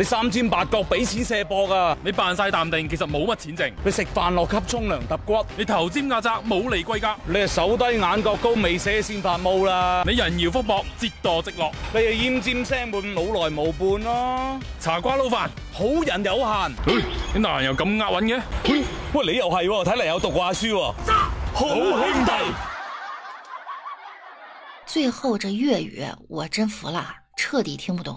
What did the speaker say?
你三尖八角俾錢卸膊啊！你扮晒淡定，其實冇乜錢剩。你食飯落級沖涼揼骨，你頭尖牙窄冇利歸家。你係手低眼角高，未射先發毛啦、啊！你人搖福薄，折墮直落。你係燕尖聲滿老來無伴咯、啊。茶瓜撈飯，好人有限。哎、你男人又咁押韻嘅？哎哎、喂，你又係喎，睇嚟有讀過書喎、啊。殺好兄弟，最後這粵語我真服啦，徹底聽不懂。